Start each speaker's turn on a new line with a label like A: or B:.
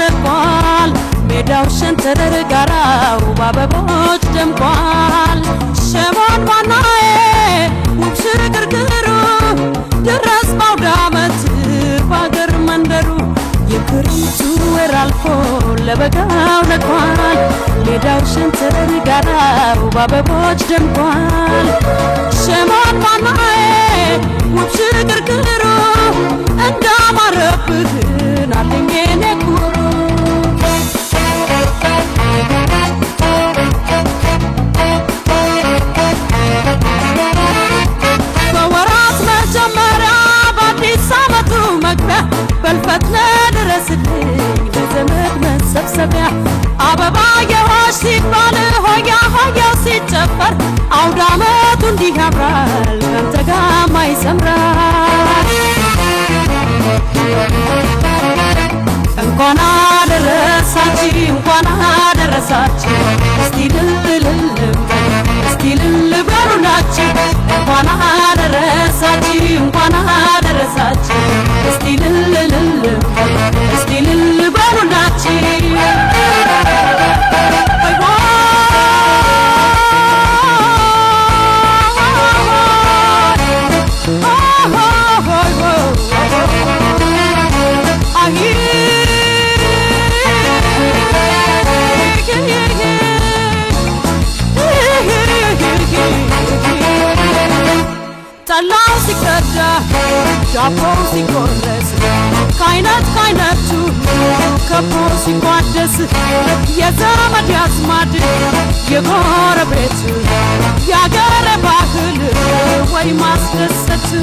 A: ተመቋል። ሜዳው ሸንተረር ጋራው በአበቦች ደምቋል። ሸማን ባናዬ ውብ ሽርግርግሩ ደረስ ባውደ ዓመት በአገር መንደሩ የክረምቱ ወር አልፎ ለበጋው ነግሯል። ሜዳው ሸንተረር ጋራው በአበቦች ደምቋል። ሸማን ባናዬ ውብ ሽርግርግሩ እንዳማረብህ ፈጥነህ ድረስልኝ ለዘመድ መሰብሰቢያ አበባ የሆሽ ሲባል ሆያ ሆያው ሲጨፈር አውደ ዓመቱ እንዲህ ያምራል ካንተ ጋማ ይሰምራል። እንኳን አደረሳችሁ እንኳን አደረሳችሁ እስቲ ጠላው ሲቀዳ ዳቦው ሲቆረስ ከአይነት ከአይነቱ ከቦ ሲቋደስ የዘመድ ያዝማድ የጎረቤቱ የአገር ባህል ወይ ማስደሰቱ